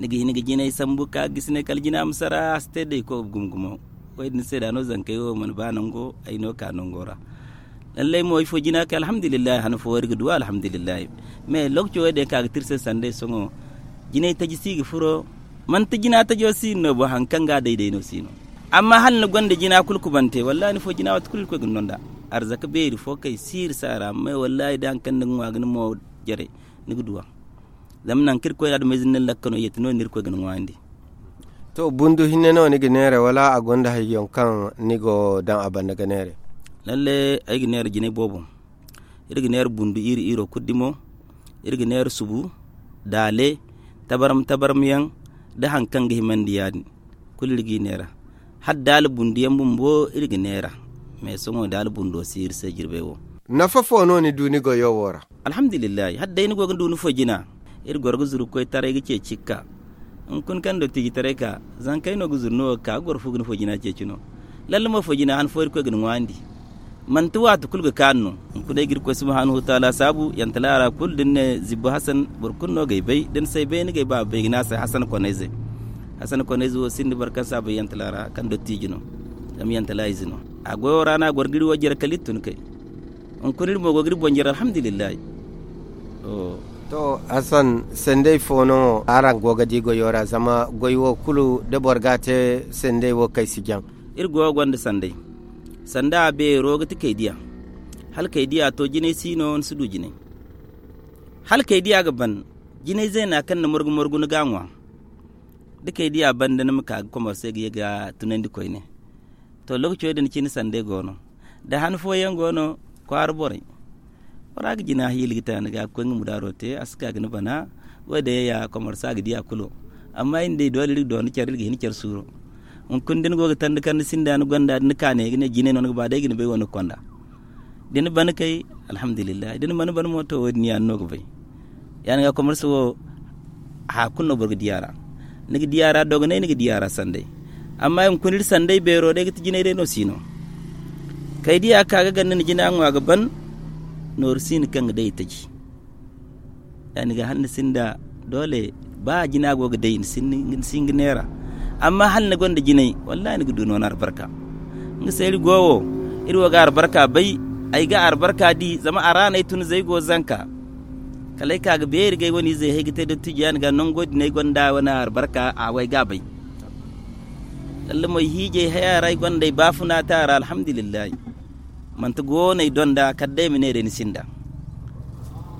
nigi nigi jinay sambuka gisne kal jina sara astede ko gumgumo koy ni seda no zankai wo man banango ay no kanongora lallai mo ifo jina ka alhamdulillah han fo wargu duwa alhamdulillah me lokco wede ka tirse sande songo jinay taji sigi furo man ta jina ta jo sino bo hankanga daidai no sino amma hal na gonde jina kulku bante wallahi fo jina wat kulku nonda arzak beeri fo kay sir sara me wallahi dan kan ngwa wagin mo jare nigu duwa zamnan kirko ya da mezin lakkano yetino nirko gon ngwandi to bundu hinne no ni ginere wala a gonda yon kan ni go dan abanna ganere lalle ay ginere jine bobo ir ginere bundu iri iro kuddimo ir ginere subu dale tabaram tabaram yan da hankan gi mandiyani kulir ginera had dal bundu yan bumbo ir ginera me songo dal bundo sir se jirbe wo nafa fo no ni duni go yowora alhamdulillah had ni go duni fo jina ir gorgo zuru koy tare gi che cikka in kun kan do tigi tare ka zan kai no guzurno ka gor fugun fogina ce cino lalle mo fogina an foir ko gin wandi man tuwa to kulga kanu in kun dai girko subhanahu ta'ala sabu yan talara kul din zibbu hasan kun no gai bai din sai bai ni gai ba bai gina sai hasan ko neze hasan ko neze wo sin barkan sa bai yan talara kan do tigino dam yan tala izino a goyo rana gor giri wajar kalittun kai in kun mo gor giri bonjar alhamdulillah oh to hassan sendai fono aran gogadigo yora zama goyiwo kulu de borgate sendai wo kai sigan irgo gonda sendai sanda be rogati kai diya hal kai diya to jine sino su du jine hal kai diya ban jine zai na kan na murgu murgu na ganwa da kai diya ban na muka kuma sai ga ga tunan di koi ne to lokacin da ni sandai gono da hanfoyen gono kwar borai wara ga jina hi na ga kwen te aska bana ya sa amma inde dole rig don kyar rig hin kyar suro un kundin go ga tand kan sinda gonda ni kane jine non ba konda ban kai alhamdulillah ban moto wani an no bai yan ga kamar so ha kunno burg diyara nigi diyara dogo ne diyara sande. amma in kunir sandai bero dai jine dai no sino kai diya kaga ganin jina an wa norsin kan dai take yani ga hannu sin da dole ba jina go ga dai sin sin nera amma hannu gonda jinai wallahi ga duno na barka ngi sai gowo irwa ga barka bai ai ga barka di zama arana tun zai go zanka kalai ka ga bayar ga wani zai haigita da an ga nan godi ne gonda wani barka a wai ga bai lalle mai hije hayara gonda bafuna tara alhamdulillah manta gona donda kadde mine reni sinda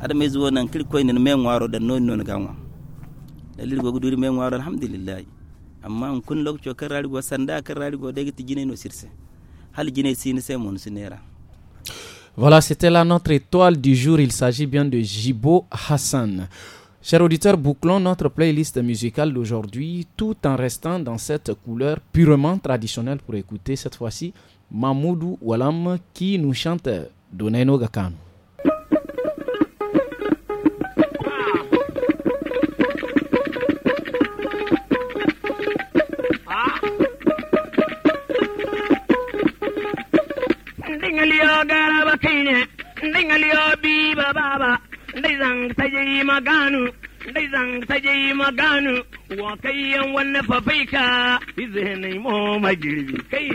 ada mai zuwa nan kirko ne mai ngwaro da non non ganwa dalil go guduri men waro alhamdulillah amma on kun lok kan rari go sanda kan rari go daga tijine no sirse hal jine sin sai sunera Voilà, c'était là notre étoile du jour. Il s'agit bien de Jibo Hassan. Chers auditeurs, bouclons notre playlist musicale d'aujourd'hui tout en restant dans cette couleur purement traditionnelle pour écouter cette fois-ci mamoudou walam qui nous chante donainoga kanu ndiŋaliyo garaba kine ndiŋaliyo biba baba ndi zaŋ tajeyima ganu zan ta je yi maganu wa kai yan wannan fafaika izini mo magirbi kai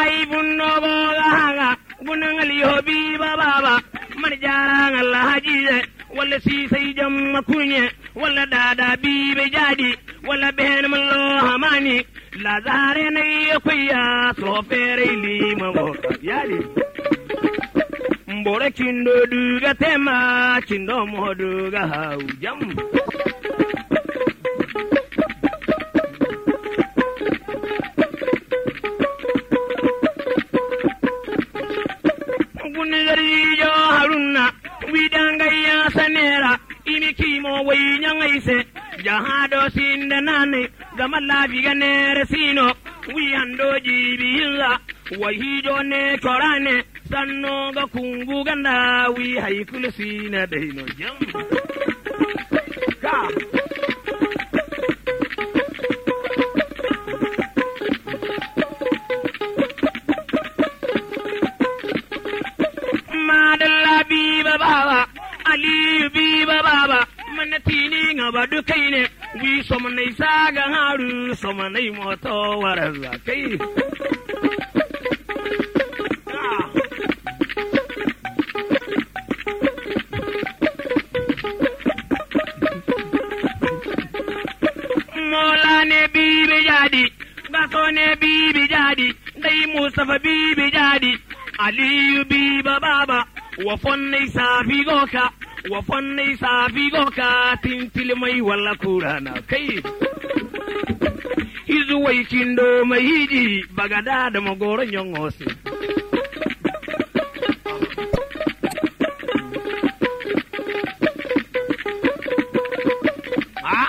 ai bunno bo gaga bunan aliyobi ba baba marjaran ne wala si sai jan makunye wala dada bi be jadi wala ben mallo hamani lazare ne kuya so fere lima mo bore kindo duga tema kindo mo duga hau jam gunigarijo haruna widangaya sanera imi kimo wayinyangaise jahado sindanani gamallabiga nere sino wiyando jibiyilla wahijo ne corane sanno ga kungu ganda wi haikulu sina daino jam ka madalla biba baba aliyu biba baba mana nga ngaba dukai ne wi somnai saga haru somnai moto warazza safabibi bi jadi aliyu bi bababa wa fonnai safi goka wa fonnai safi goka tintil mai walla kurana kai izu wai kindo mai hiji bagada da magoro nyongosi ah!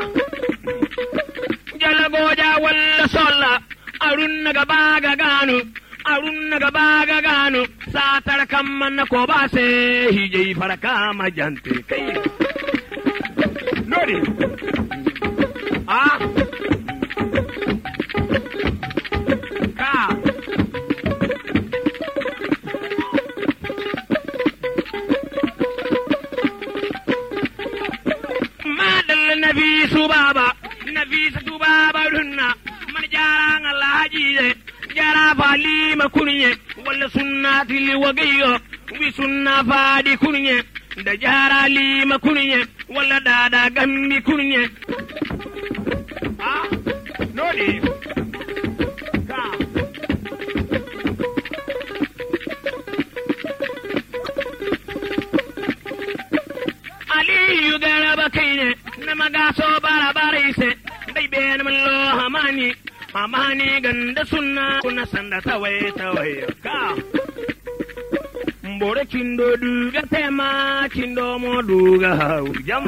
jalagoja walla solla arun naga baga ganu gaba ga gano satar kan manna ko ba sai hije farka majante kai Nori. agammi kunye ah no mbore chindo duga tema chindo mo duga hau jam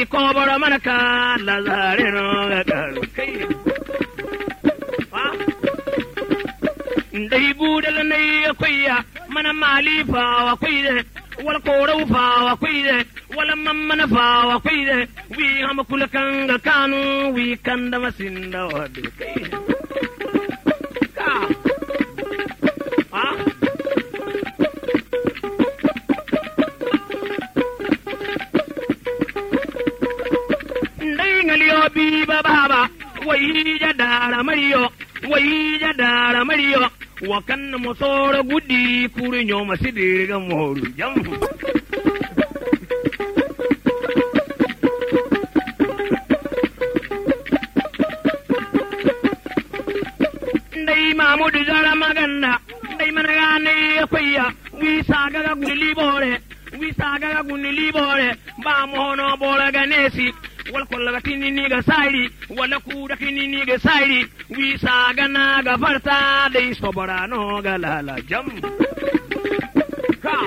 si koboro mana ka la zare no ga kalu kai dai budal ne koyya mana mali fa wa koyde wal koro fa wa koyde wala mamana fa wa koyde wi ham kulakan ga kanu wi kanda masinda wa kai daara mariyo wayiija daara mariyo wo kan mo sooro guddi kuri ñooma sidirga mooru jam ndey mamadou jara maganda ndey managanay koyya wi saagaga guni liboore wi saagaga guni liboore mbaamohono boolaganeesi walkollaba kininiga sayri wala kuuda kininiga sayri wiisaaganaaga fartaadey soboraanooga lala jam ka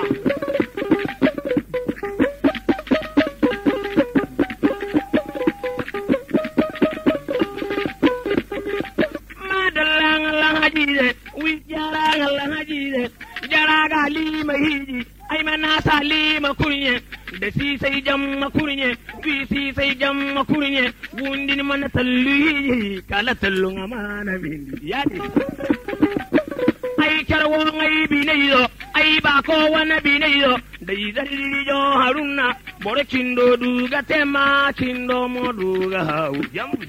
jaraga lima hiji ay manasa lima kunye da sisai jamma kurnye ki sisai jamma kurnye wundin mana tallu kala tallu amana bindi ya ne ai charwo ai binayo ai ba ko wana binayo dai zalli jo haruna bore cindo duga tema cindo mo duga hau jambu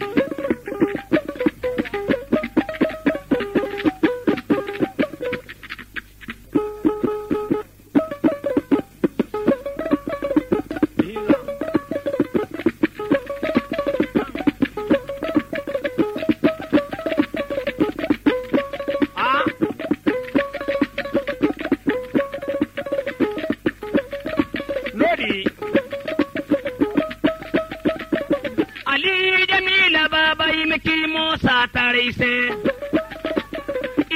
boraise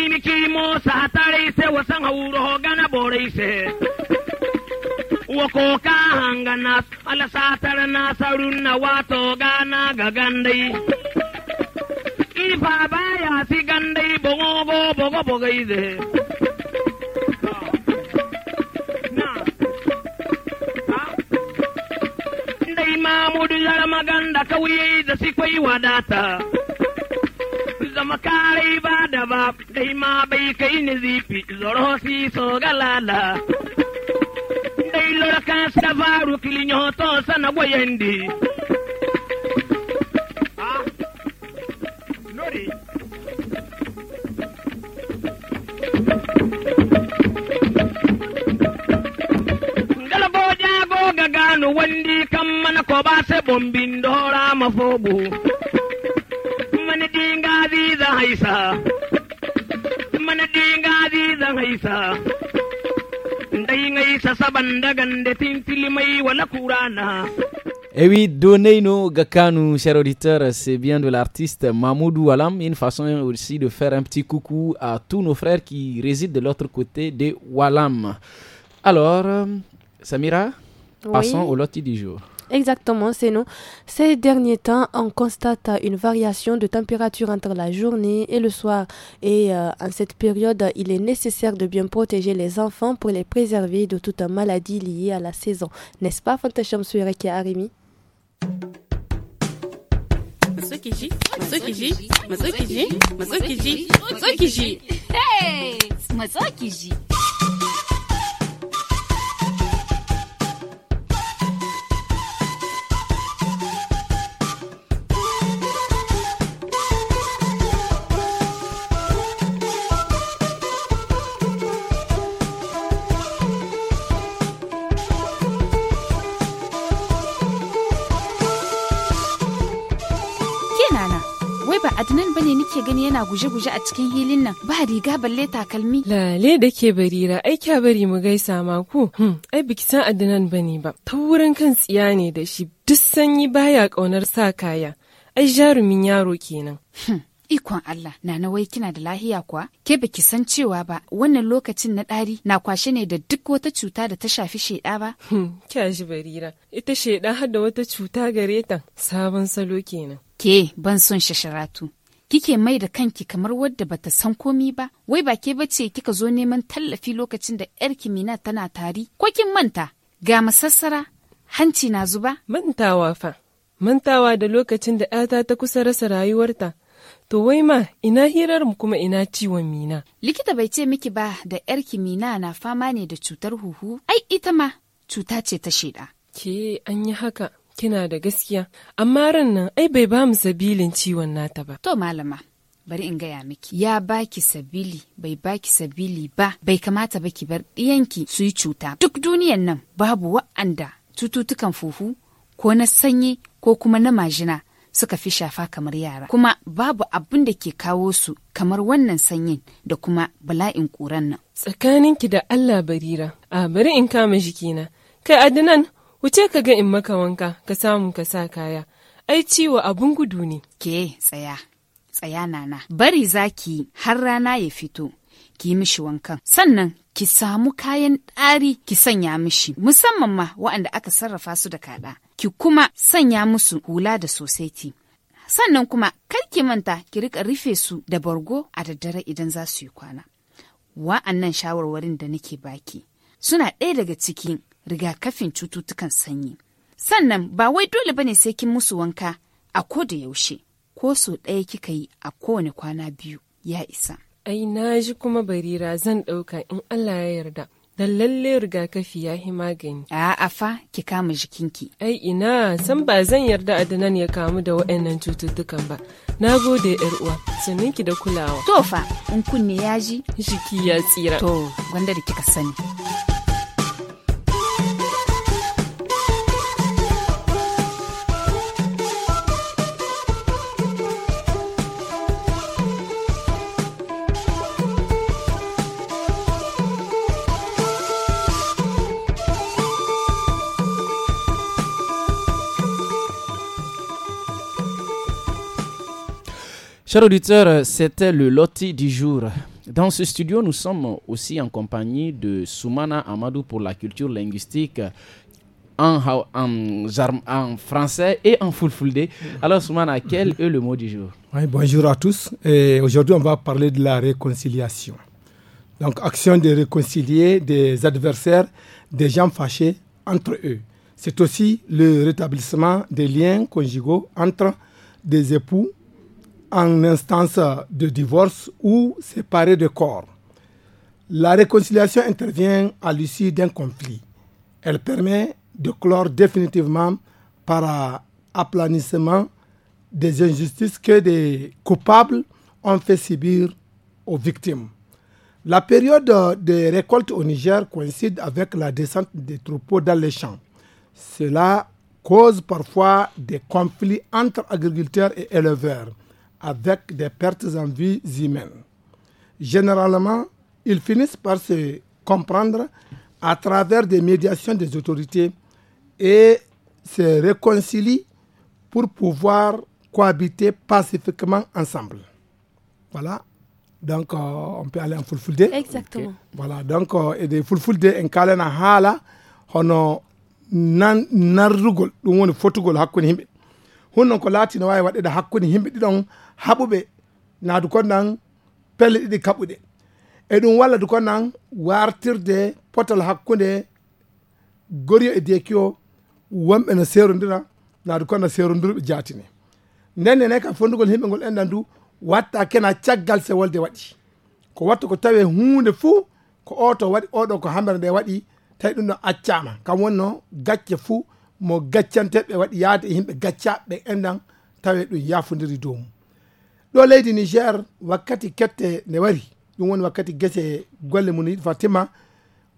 inikimo sahataraise wasanghaurohogana boraise wakoka hanganas ala satara nasarunna watogana gagandai ini baba ya si gandai bogogo bogo bogaide Mamudu zara maganda kawiye da sikwai wadata. zama kare ba da ba kai ma bai kai ni zifi zoro si so galala dai lora ka sa faru kilinyo to sana goyendi ah nori galabo jago gagano wandi kam mana ko ba se bombin dora mafobu haysa eh oui, donnez Gakanu, chers auditeurs, c'est bien de l'artiste Mahmoud Walam. une façon aussi de faire un petit coucou à tous nos frères qui résident de l'autre côté de Walam. Alors, euh, Samira, passons au loti du jour. Exactement, c'est nous. Ces derniers temps, on constate une variation de température entre la journée et le soir. Et euh, en cette période, il est nécessaire de bien protéger les enfants pour les préserver de toute maladie liée à la saison. N'est-ce pas, Fantacham Arimi? Hey! yana guje-guje a cikin hilin nan ba riga balle takalmi. Lale da ke barira ai kya bari mu gaisa ma ku. Hmm, ai biki san Adnan bane ba. Ta wurin kan tsiya ne da shi duk sanyi baya kaunar sa kaya. Ai jarumin yaro kenan. Hmm, ikon Allah, na nawai kina da lahiya kuwa? Ke baki san cewa ba, wannan lokacin na ɗari na kwashe ne da duk wata cuta da ta shafi sheɗa ba? Hmm, kya shi barira, ita sheɗa har da wata cuta gare ta sabon salo kenan. Ke ban son shasharatu. kike mai da kanki kamar wadda bata san komi ba wai ba ke bace kika zo neman tallafi lokacin da yar kimina tana tari ko kin manta ga masassara hanci na zuba mantawa fa mantawa da lokacin da ƴata ta kusa rasa rayuwarta to wai ma ina hirar mu kuma ina ciwon mina likita bai ce miki ba da yar kimina na fama ne da cutar huhu ai ita ma cuta ce ta shida ke an yi haka Kina da gaskiya, amma ran nan ai bai ba mu sabilin ciwon nata ba. To malama, bari in gaya miki ya baki sabili bai baki sabili ba bai kamata ba ki bar ɗiyanki su yi cuta duk duniyan nan babu wa'anda cututtukan fufu ko na sanyi ko kuma na majina suka fi shafa kamar yara kuma babu abin da ke kawo su kamar wannan sanyin da kuma bala'in ƙuran nan tsakaninki da allah barira a bari in kama jikina kai adinan Wuce ka ga in maka wanka ka samu ka sa kaya. Ai ciwo abun gudu ne. Ke tsaya, tsaya nana. Bari zaki har rana ya fito. Ki mishi wankan. Sannan ki samu kayan ɗari ki sanya mishi musamman ma waɗanda aka sarrafa su da kaɗa ki kuma sanya musu hula da sosaiti sannan kuma kar ki manta ki rika rufe su da bargo a daddare idan za su yi kwana wa'annan shawarwarin da nake baki suna ɗaya daga cikin rigakafin cututtukan sanyi. Sannan ba wai dole bane sai kin musu wanka a ko da yaushe, ko so ɗaya kika yi a kowane kwana biyu ya isa. Ai na ji kuma barira zan ɗauka in Allah ya yarda. Dan lalle rigakafi ya yi magani. A'a fa ki kama jikinki. Ai ina san ba zan yarda Adnan ya kamu da waɗannan cututtukan ba. Na gode yar uwa, sannin ki da kulawa. To fa, in kunne ya ji? Jiki ya tsira. To, gwanda da kika sani. Chers auditeurs, euh, c'était le loti du jour. Dans ce studio, nous sommes aussi en compagnie de Soumana Amadou pour la culture linguistique en, français et en fulfulde. Alors Soumana, quel est le mot du jour oui, Bonjour à tous. Aujourd'hui, on va parler de la réconciliation. Donc, action de réconcilier des adversaires, des gens fâchés entre eux. C'est aussi le rétablissement des liens conjugaux entre des époux en instance de divorce ou séparés de corps. La réconciliation intervient à l'issue d'un conflit. Elle permet de clore définitivement par aplanissement des injustices que des coupables ont fait subir aux victimes. La période des récoltes au Niger coïncide avec la descente des troupeaux dans les champs. Cela cause parfois des conflits entre agriculteurs et éleveurs avec des pertes en vies humaines. Généralement, ils finissent par se comprendre à travers des médiations des autorités et se réconcilient pour pouvoir cohabiter pacifiquement ensemble. Voilà. Donc, euh, on peut aller en Fulfulde. Exactement. Voilà. Donc, euh, et des Fulfulde, en kalena hala, hono nan On on woni fotugol hakkunde himɓe. Hunnon on a un waɗede de himɓe ɗiɗon haɓuɓe naadu ko nan pelle ɗiɗi kaɓuɗe e ɗum walla du ko nan wartirde potal hakkunde goriyo e deki o wonɓe no serodira naadu ko na serodirɓe jatine ndenne nayi kam fondugol himɓe ngol enɗan du watta kena caggal se wolde waɗi ko watta ko tawi hunde fuu ko oto waɗi oɗo ko hamere nde waɗi tawi ɗum ɗo accama kam wonno gacce fuu mo gaccanteɓe waɗi yaade e himɓe gaccaɓe ɓe endan tawi ɗum yafodiri dow mum ɗo leydi niger wakkati kette nde wari ɗum woni wakkati gese golle mum yiɗi fatima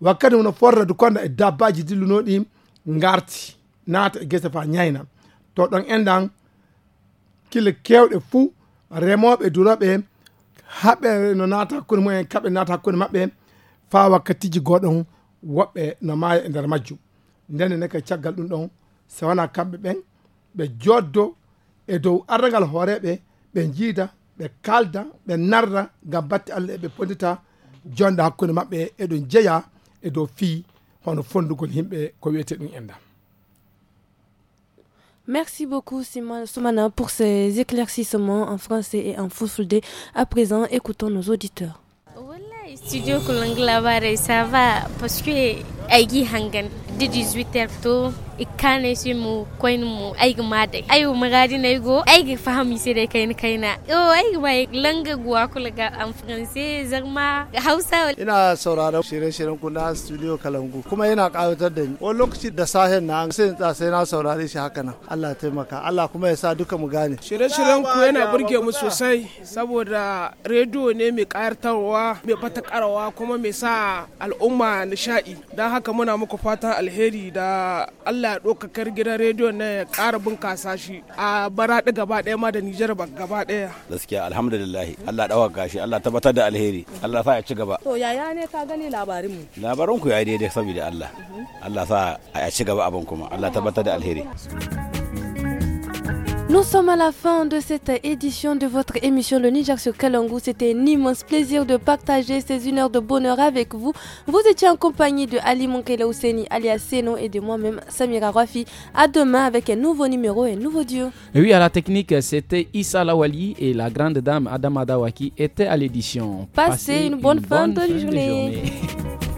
wakkati mono forda du konda e dabbaji dillunoɗi garti naata e gese fa ñayna to ɗon endan kille kewɗe fuu remoɓe duroɓe haɓɓe no naata hakkude mumen kaɓe naata hakkude mabɓe fa wakkatiji goɗon woɓɓe no maaya e nder majjum ndenne ne ka caggal ɗum ɗon sewona kamɓe ɓen ɓe joddo e dow ardagal hooreɓe ɓe jiida ɓe kalda ɓe narda ngam batte allah eɓe pondita jonda hakkunde maɓɓe eɗon jeeya e dow fii hono fondugol yimɓe ko wiyete ɗum enɗam Merci beaucoup Soumana pour ces éclaircissements en français et en fulfulde. À présent, écoutons nos auditeurs. Voilà, studio Kolanglavare, ça va parce que Aïgi Hangan, de 18h tôt. ikane shi mu koin mu aigi ma dai ai mu gadi na go aigi fahimi sai dai kaina kaina o aigi ma langa guwa kula ga an france zarma hausa ina sauraron shirye-shiryen ku na studio kalangu kuma yana kawatar da ni o lokaci da sahen na sai in sai na saurare shi haka nan Allah taimaka Allah kuma ya sa duka mu gane shirye-shiryen ku yana burge mu sosai saboda rediyo ne mai kayartarwa mai fatakarwa kuma mai sa al'umma nishaɗi dan haka muna muku fatan alheri da Allah ya ɗaukakar gidan rediyo na ya ƙara bunƙasa shi a baraɗi gaba ɗaya ma da Nijar ba gaba ɗaya. Gaskiya alhamdulillah Allah ɗaukaka shi Allah tabbatar da alheri Allah sa ya ci gaba. To yaya ne ka gani labarin mu? Labarin ku ya daidai saboda Allah. Allah sa ya ci gaba abin kuma Allah tabbatar da alheri. Nous sommes à la fin de cette édition de votre émission Le Niger sur Kalangu. C'était un immense plaisir de partager ces une heure de bonheur avec vous. Vous étiez en compagnie de Ali Monkela Ouseni, alias Seno, et de moi-même, Samira Rafi. À demain avec un nouveau numéro et un nouveau dieu. oui, à la technique, c'était Issa Lawali et la grande dame Adama qui était à l'édition. Passez, une bonne, fin, De journée.